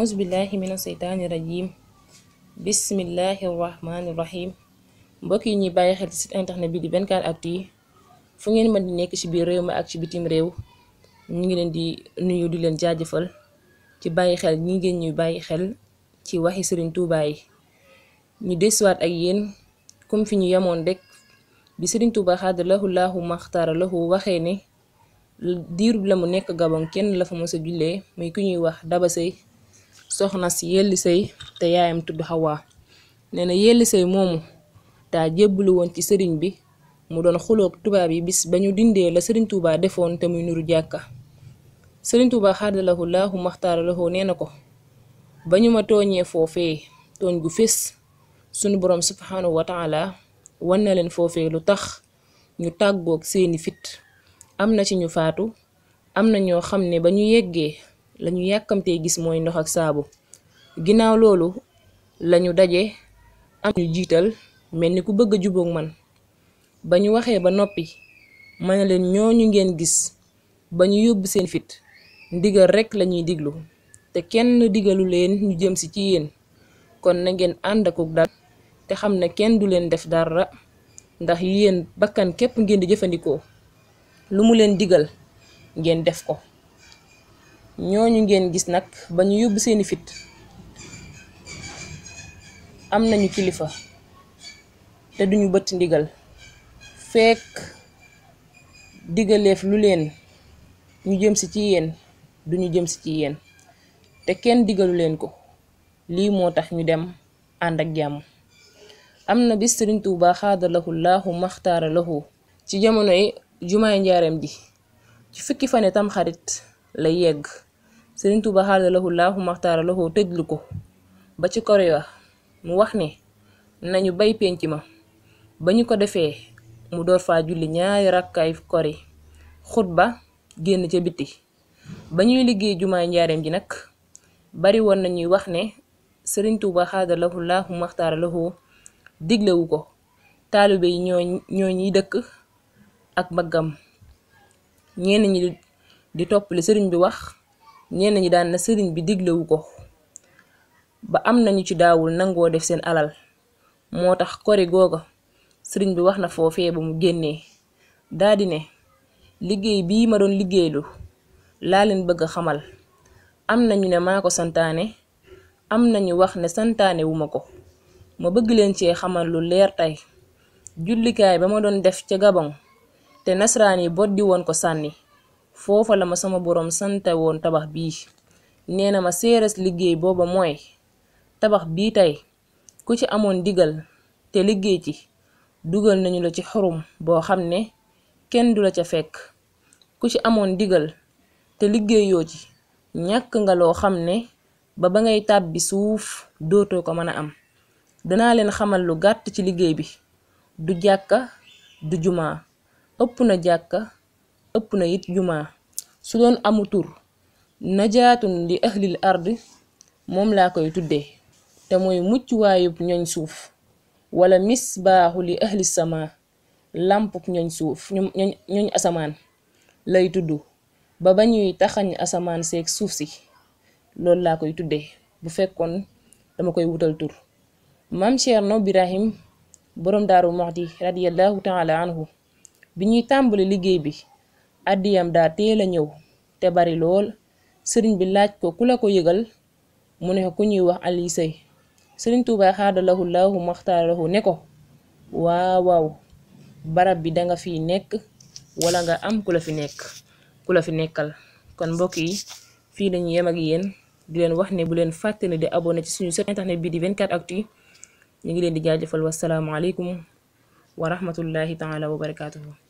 أعوذ بالله من الشيطان الرجيم بسم الله الرحمن الرحيم mbokk yi ñuy bàyyi xel ci site internet bi di benn 24actu yi fu ngeen ma di nekk ci biir réew ma ak ci bitim réew ñu ngi leen di nuyu di leen jaajëfal ci bàyyi xel ñi ngeen ñuy bàyyi xel ci waxi Sëriñ Tuuba yi ñu desuwaat ak yéen comme fi ñu yemoon rek bi Sëriñ Tuuba xaada lahu laahu maxtaara lahu waxee ne diirub la mu nekk Gabon kenn la fa mos a jullee muy ku ñuy wax Daba Seye soxna si Yelli Seye te yaayam tudd Hawa nee na Yelli Seye moomu daa jébbalu woon ci sëriñ bi mu doon xuloog tubaab yi bis ba ñu dindee la sëriñ Touba defoon te muy nuru jàkka sëriñ Touba xaadalahu laahu maxtaara nee na ko ba ñu ma tooñee foofee tooñ gu fés sunu borom subhanahu wa taala wan na leen foofee lu tax ñu tàggook seeni fit am na ci ñu faatu am na ñoo xam ne ba ñu yeggee lañu yàkkamtee gis mooy ndox ak saabu ginnaaw loolu lañu daje am ñu jiital mel ni ku bëgg a jubóog man ba ñu waxee ba noppi ma ne leen ñooñu ngeen gis ba ñu yóbbu seen fitt ndigal rekk lañuy diglu te kenn digalu leen ñu jëm si ci yéen kon na ngeen ànd ak dal te xam ne kenn du leen def dara ndax yéen bakkan képp ngeen di jëfandikoo lu mu leen digal ngeen def ko ñooñu ngeen gis nag ba ñu yóbbu seeni fit am nañu kilifa te duñu bëtt ndigal fekk digaleef lu leen ñu jëm si ci yéen duñu jëm si ci yéen te kenn digalu leen ko lii moo tax ñu dem ànd ak jàmm am na bis sëriñ Tuuba xaadalahu laahu maxtaara lahu ci jamonoy jumaay njaareem ji ci fukki fane tam xarit la yegg sëriñ Tuuba xaada laaxu laahu maxtaara lahu tëjlu ko ba ci kore wax mu wax ne nañu bay penc ma ba ñu ko defee mu door fa julli ñaari rakkaay kori ba génn ca biti ba ñuy liggéey jumaay njaareem ji nag bari woon nañuy wax ne sëriñ Tuuba xaada laaxu laahu maxtaara lahu diglewu ko taalibe yi ñoo ñoo ñiy dëkk ak mbaggam ñenn ñi di topp li sëriñ bi wax ñenn ñi daan na sëriñ bi diglewu ko ba am na ñu ci daawul nangoo def seen alal moo tax kori googa sëriñ bi wax na foofee ba mu génnee daldi ne liggéey bii ma doon liggéeylu laa leen bëgg xamal am nañu ne maa ko santaane am na ñu wax ne santaanewuma ko ma bëgg leen cee xamal lu leer tey jullikaay ba ma doon def ca gabon te nasaraan yi boddi woon ko sànni foofa la ma sama boroom sante woon tabax bii nee na ma séeres liggéey booba mooy tabax bii tey ku ci amoon digal te liggéey ci dugal nañu la ci xurum boo xam ne kenn du la ca fekk ku ci amoon digal te liggéeyoo ci ñàkk nga loo xam ne ba ba ngay tàbbi suuf dootoo ko mën a am danaa leen xamal lu gàtt ci liggéey bi du jàkka du jumaa ëpp na jàkka ëpp na it jumaa su doon amu tur najaatun li ahlil ard moom laa koy tuddee te mooy mucc waayub ñoñ suuf wala misbaaxu li ahli sama làmpuk ñoñ suuf ñoñ asamaan lay tudd ba ba ñuy taxañ asamaan seek suuf si loolu laa koy tuddee bu fekkoon dama koy wutal tur maam Cerno Birahim boroom Daaru Muxti radiyallahu taala anhu bi ñuy tàmbali liggéey bi àddiyam daal teel a ñëw te bari lool sëriñ bi laaj ko ku la ko yëgal mu ne ko ku ñuy wax Aliou Seye sëriñ Tuubaa xaadalahu laahu maxtaarahu ne ko waaw waaw barab bi danga fi nekk walla nga am ku la fi nekk ku la fi nekkal kon mbokk yi fii dañuy yem ak yéen di leen wax ne bu leen fàtte ne di abonné ci suñu site internet bii di 24 actu ñu ngi leen di jaajëfal wasalaamualeykum wa rahmatullahi taala wa barakaatuhu